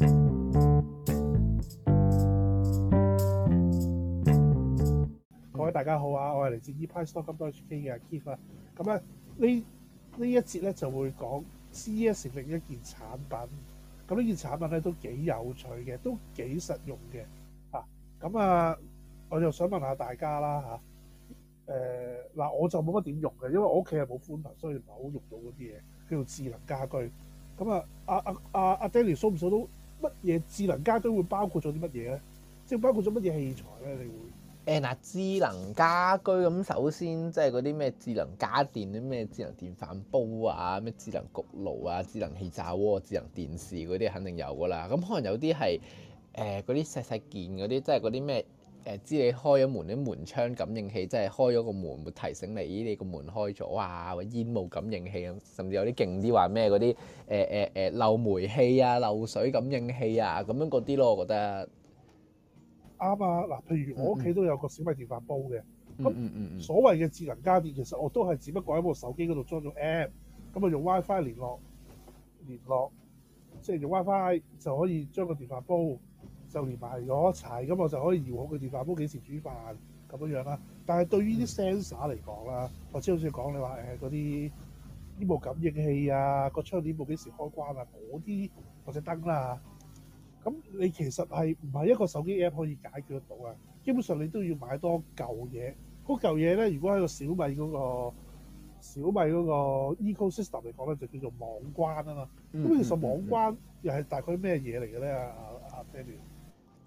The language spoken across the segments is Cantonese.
各位大家好啊，我係嚟自 eBay Store Gold HK 嘅 Kevin 啊，咁咧呢呢一節咧就會講 CES 另一件產品。咁呢件產品咧都幾有趣嘅，都幾實用嘅啊。咁啊，我就想問下大家啦吓。誒、啊、嗱，我就冇乜點用嘅，因為我屋企係冇寬頻，所以唔係好用到嗰啲嘢叫做智能家居。咁啊，阿阿阿阿 Daniel 掃唔掃都？.乜嘢智能家居會包括咗啲乜嘢咧？即係包括咗乜嘢器材咧？你會誒嗱，智能家居咁，首先即係嗰啲咩智能家電，啲咩智能電飯煲啊，咩智能焗爐啊，智能氣炸鍋、智能電視嗰啲肯定有㗎喇。咁可能有啲係誒嗰啲細細件嗰啲，即係嗰啲咩？誒知你開咗門啲門窗感應器，即係開咗個門會提醒你，咦你個門開咗啊！煙霧感應器咁，甚至有啲勁啲話咩嗰啲誒誒誒漏煤氣啊、漏水感應器啊咁樣嗰啲咯，我覺得啱啊！嗱，譬如我屋企都有個小米電飯煲嘅，咁所謂嘅智能家電其實我都係只不過喺部手機嗰度裝咗 app，咁啊用 WiFi 聯絡聯絡，即係用 WiFi 就可以將個電飯煲。就連埋咗一齊，咁我就可以搖好個電飯煲幾時煮飯咁樣樣啦。但係對於啲 sensor 嚟講啦，我之前好似講你話誒嗰啲呢部感應器啊，個窗簾部幾時開關啊，嗰啲或者燈啦，咁你其實係唔係一個手機 app 可以解決得到啊？基本上你都要買多舊嘢。嗰舊嘢咧，如果喺個小米嗰個小米嗰個 ecosystem 嚟講咧，就叫做網關啊嘛。咁其實網關又係大概咩嘢嚟嘅咧？阿阿 David。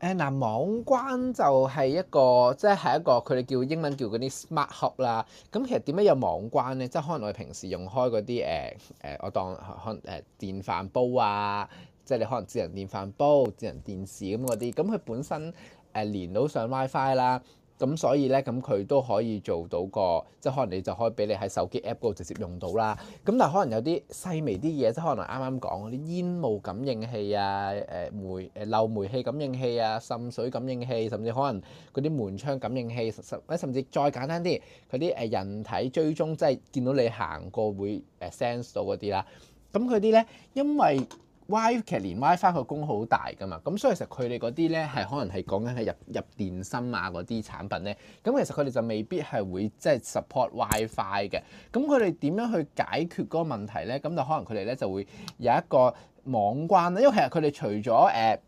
誒嗱、啊、網關就係一個，即係一個佢哋叫英文叫嗰啲 smart hub 啦、啊。咁其實點解有網關咧？即係可能我哋平時用開嗰啲誒誒，我當可能誒電飯煲啊，即係你可能智能電飯煲、智能電視咁嗰啲，咁、啊、佢本身誒、啊、連到上 WiFi 啦。咁所以咧，咁佢都可以做到個即係可能你就可以俾你喺手機 app 度直接用到啦。咁但係可能有啲細微啲嘢，即係可能啱啱講啲煙霧感應器啊、誒煤誒漏煤氣感應器啊、滲水感應器，甚至可能嗰啲門窗感應器，甚誒甚至再簡單啲嗰啲誒人體追蹤，即係見到你行過會誒 sense 到嗰啲啦。咁佢啲咧，因為，wifi 連 wifi 個功耗好大噶嘛，咁所以其實佢哋啲咧，係可能係講緊係入入電芯啊啲產品咧，咁其實佢哋就未必係會即係、就是、support wifi 嘅。咁佢哋點樣去解決個問題咧？咁就可能佢哋咧就會有一個網關啦，因為其實佢哋除咗誒、呃、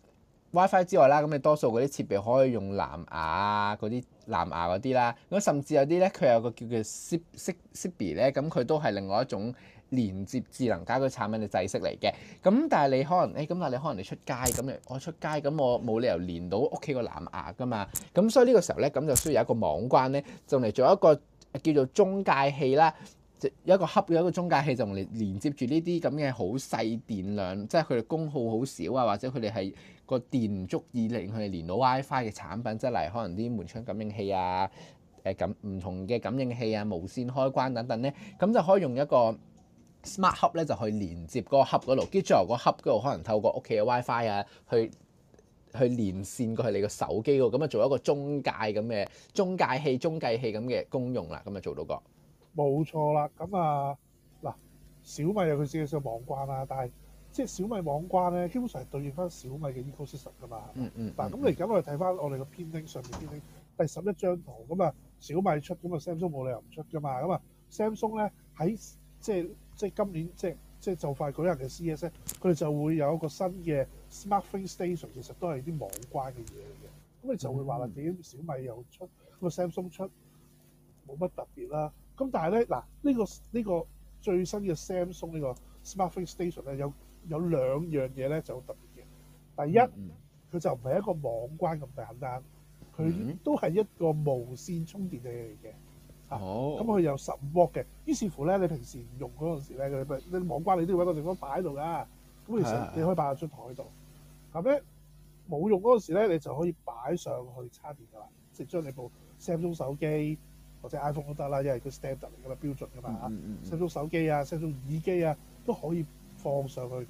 wifi 之外啦，咁咪多數啲設備可以用藍牙啲藍牙啲啦，咁甚至有啲咧，佢有個叫做 Zigbee 咧，咁佢都係另外一種連接智能家居產品嘅製式嚟嘅咁，但係你可能誒咁、欸，但係你可能你出街咁，你我出街咁，我冇理由連到屋企個藍牙噶嘛。咁所以呢個時候咧，咁就需要有一個網關咧，就嚟做一個叫做中介器啦，一個 hub 一個中介器，就嚟連接住呢啲咁嘅好細電量，即係佢哋功耗好少啊，或者佢哋係個電唔足以令佢哋連到 WiFi 嘅產品，即係例如可能啲門窗感應器啊、誒咁唔同嘅感應器啊、無線開關等等咧，咁就可以用一個。smartHub 咧，就去連接嗰個 Hub 嗰度，跟住最後個 Hub 嗰度可能透過屋企嘅 WiFi 啊，去去連線過去你嘅手機喎，咁啊做一個中介咁嘅中介器、中介器咁嘅功用啦，咁啊做到個冇錯啦。咁啊嗱，小米有佢自己嘅網關啦，但係即係小米網關咧，基本上係對應翻小米嘅 Ecosystem 噶嘛。嗯嗯。嗱咁嚟緊我哋睇翻我哋個 Pinned Link 上面 Pinned Link 第十一張圖，咁啊，小米出咁啊 Samsung 冇理由唔出噶嘛。咁啊 Samsung 咧喺即係。即係今年，即係即係就快嗰日嘅 CES，佢哋就會有一個新嘅 SmartThings Station，其實都係啲網關嘅嘢嚟嘅。咁你就會話啦，點解小米又出，個 Samsung 出冇乜特別啦？咁但係咧，嗱呢個呢個最新嘅 Samsung 呢個 SmartThings Station 咧，有有兩樣嘢咧就好特別嘅。第一，佢就唔係一個網關咁簡單，佢都係一個無線充電嘅嘢嚟嘅。咁佢好有十五瓦嘅，於是乎咧，你平時唔用嗰陣時咧，你網關你都要揾個地方擺喺度噶。咁的其實你可以擺喺張枱度。咁咧，冇用嗰陣時咧，你就可以擺上去插電㗎啦。即係將你部 Samsung 手機或者 iPhone 都得啦，因為佢 standard 嚟㗎啦，標準㗎嘛。Samsung、嗯嗯嗯、手機啊，Samsung 耳機啊，都可以放上去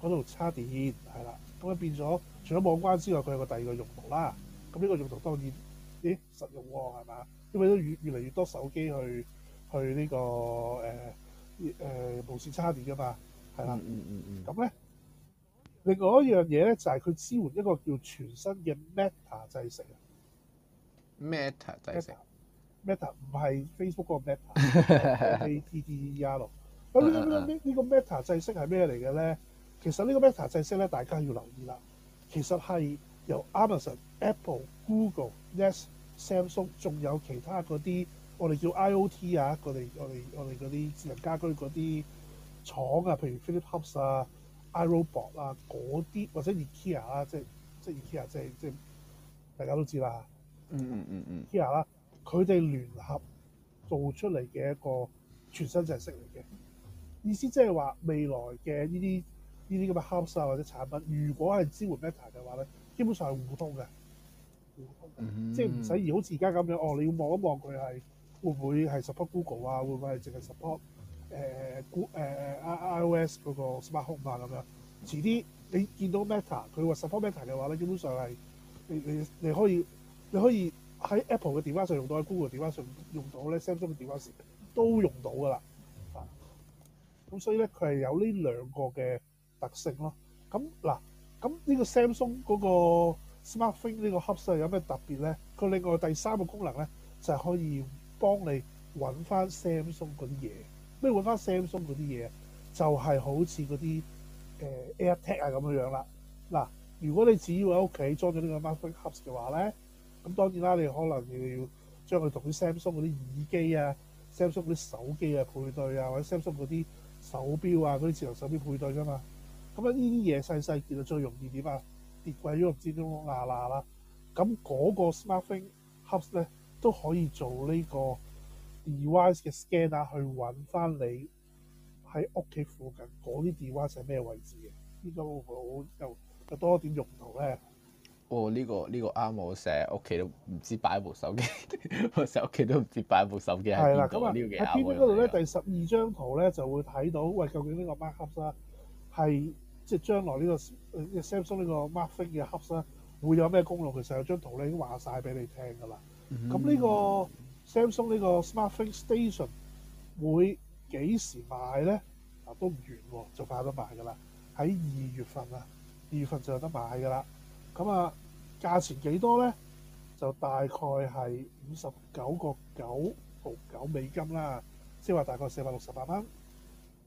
嗰度插電，係啦。咁啊變咗，除咗網關之外，佢有個第二個用途啦。咁呢個用途當然～咦、欸，實用喎、啊，係嘛？因為都越越嚟越多手機去去呢、這個誒誒、呃呃、無線叉電㗎嘛，係啦、嗯。嗯嗯嗯咁咧，另外一樣嘢咧，就係佢支援一個叫全新嘅 Matter 製式啊。Matter 製式。Matter 唔係 Facebook 嗰個 Meta。A T D E R。啊呢呢呢呢個 Matter 製式係咩嚟嘅咧？其實呢個 Matter 製式咧，大家要留意啦。其實係。由 Amazon、Apple、Google、Nest、Samsung，仲有其他嗰啲我哋叫 IOT 啊。我哋我哋我哋啲智能家居嗰啲廠啊，譬如 Philips 啊、iRobot 啊嗰啲，或者 IKEA 啊，即係即係 IKEA，即係即係大家都知啦。嗯嗯嗯嗯，IKEA 啦、啊，佢哋聯合做出嚟嘅一個全新製式嚟嘅意思，即係話未來嘅呢啲呢啲咁嘅 Hub 啊或者產品，如果係支援 Matter 嘅話咧。基本上係互通嘅，通 mm hmm. 即係唔使而好似而家咁樣哦。你要望一望佢係會唔會係 support Google 啊？會唔會係淨係 support 誒 Google 誒 iOS 嗰個 Smart Home 啊？咁樣遲啲你見到 Meta 佢話 support Meta 嘅話咧，基本上係你你你可以你可以喺 Apple 嘅電話上用到，喺 Google 電話上用到咧，Samsung 嘅電話上都用到噶啦。咁、mm hmm. 所以咧，佢係有呢兩個嘅特性咯。咁嗱。咁呢個 Samsung 嗰個 SmartThings 呢個 Hub 咧有咩特別咧？佢另外第三個功能咧就係、是、可以幫你揾翻 Samsung 嗰啲嘢。咩揾翻 Samsung 嗰啲嘢就係、是、好似嗰啲誒 AirTag 啊咁樣樣啦。嗱，如果你只要喺屋企裝咗呢個 SmartThings Hub 嘅話咧，咁當然啦，你可能要將佢同啲 Samsung 嗰啲耳機啊、Samsung 嗰啲手機啊配對啊，或者 Samsung 嗰啲手錶啊、嗰啲智能手錶配對㗎嘛。咁啊！呢啲嘢細細件啊，最容易點啊跌貴咗，唔知點樣喇喇啦。咁嗰、嗰個 SmartThings Hub 咧都可以做呢個 device 嘅 scan 啊，去揾翻你喺屋企附近嗰啲 device 係咩位置嘅，呢個好又又多一點用途咧。哦，呢、呢個呢、呢個啱我成屋企都唔知擺部手機，成屋企都唔知擺部手機喺度撩嘅啊！喺邊邊嗰度咧，第十二張圖咧就會睇到喂，究竟呢個 SmartThings Hub 咧係～即係將來呢個誒 Samsung 呢個 SmartThings 嘅 Hub 咧，會有咩功能？其實有張圖咧已經話曬俾你聽㗎啦。咁呢個 Samsung 呢個 SmartThings Station 會幾時買咧？嗱都唔遠喎，就快得買㗎啦。喺二月份啊，二月份就有得買㗎啦。咁啊，價錢幾多咧？就大概係五十九個九毫九美金啦，即係話大概四百六十八蚊。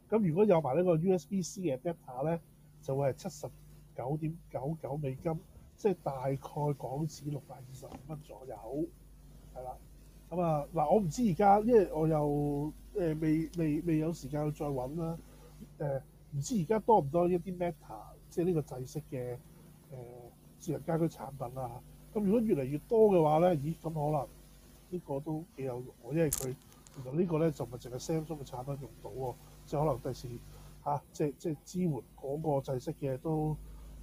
咁如果有埋呢個 USB-C 嘅 Adapter 咧，就會係七十九點九九美金，即係大概港紙六百二十五蚊左右，係啦。咁啊嗱，我唔知而家，因為我又誒未未未有時間去再揾啦。誒唔知而家多唔多一啲 Matter，即係呢個製式嘅誒智能家居產品啊。咁如果越嚟越多嘅話咧，咦咁可能呢個都幾有用喎，因為佢其實呢個咧就唔係淨係 Samsung 嘅產品用到喎，即係可能第時。吓、啊！即係即係支援嗰個製式嘅都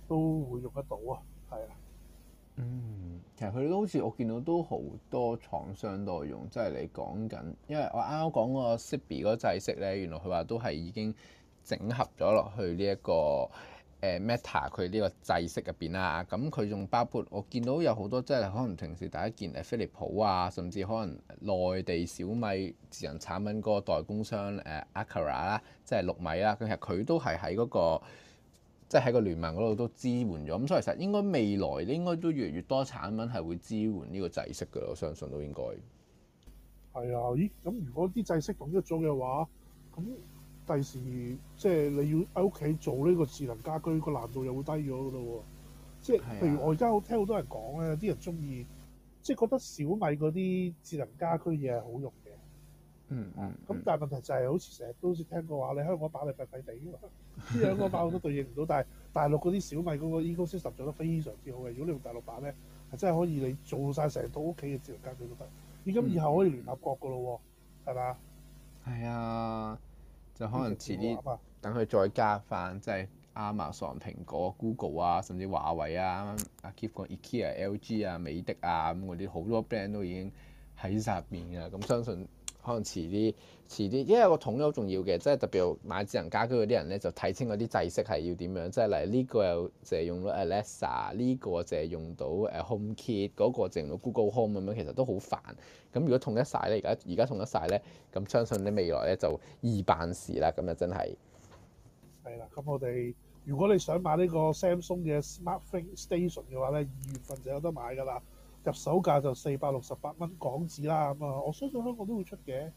都會用得到啊，係啊。嗯，其實佢哋都好似我見到都好多廠商都用，即係你講緊，因為我啱啱講個 Zigbee 嗰個製式咧，原來佢話都係已經整合咗落去呢、這、一個。誒、呃、Meta 佢呢個製式入邊啦，咁佢仲包括我見到有好多，即係可能平時大家見誒飛利浦啊，甚至可能內地小米智能產品嗰個代工商誒 Aqara 啦，即係綠米啦，其實佢都係喺嗰個即係喺個聯盟嗰度都支援咗。咁所以其實應該未來應該都越嚟越多產品係會支援呢個製式嘅，我相信都應該係啊。咦？咁如果啲製式統一咗嘅話，咁。第時即係你要喺屋企做呢個智能家居，個難度又會低咗咯喎。即係譬如我而家好聽好多人講咧，有啲、啊、人中意即係覺得小米嗰啲智能家居嘢係好用嘅、嗯。嗯嗯。咁但係問題就係、是、好似成日都聽過話，你香港版係弊弊哋㗎嘛？啲香，香港版我都對應唔到， 但係大陸嗰啲小米嗰個 e 公司實在得非常之好嘅。如果你用大陸版咧，係真係可以你做晒成套屋企嘅智能家居都得。咦？咁以後可以聯合國㗎咯喎，係嘛、嗯？係吧啊。就可能遲啲等佢再加翻，即係 Amazon、蘋果、Google 啊，甚至華為啊、啱啱阿 Keep 個 IKEA、LG 啊、美的啊，咁嗰啲好多 brand 都已經喺入面啊，咁、嗯、相信。可能遲啲，遲啲，因為個統一都好重要嘅，即係特別買智能家居嗰啲人咧，就睇清嗰啲制式係要點樣。即係例如呢個又淨係用到 Alexa，呢個淨係用到誒 HomeKit，嗰個淨係用到 Google Home 咁樣，其實都好煩。咁如果統一晒咧，而家而家統一晒咧，咁相信咧未來咧就易辦事啦。咁啊真係。係啦，咁我哋如果你想買呢個 Samsung 嘅 SmartThings Station 嘅話咧，二月份就有得買㗎啦。入手價就四百六十八蚊港紙啦，咁啊，我相信香港都會出嘅。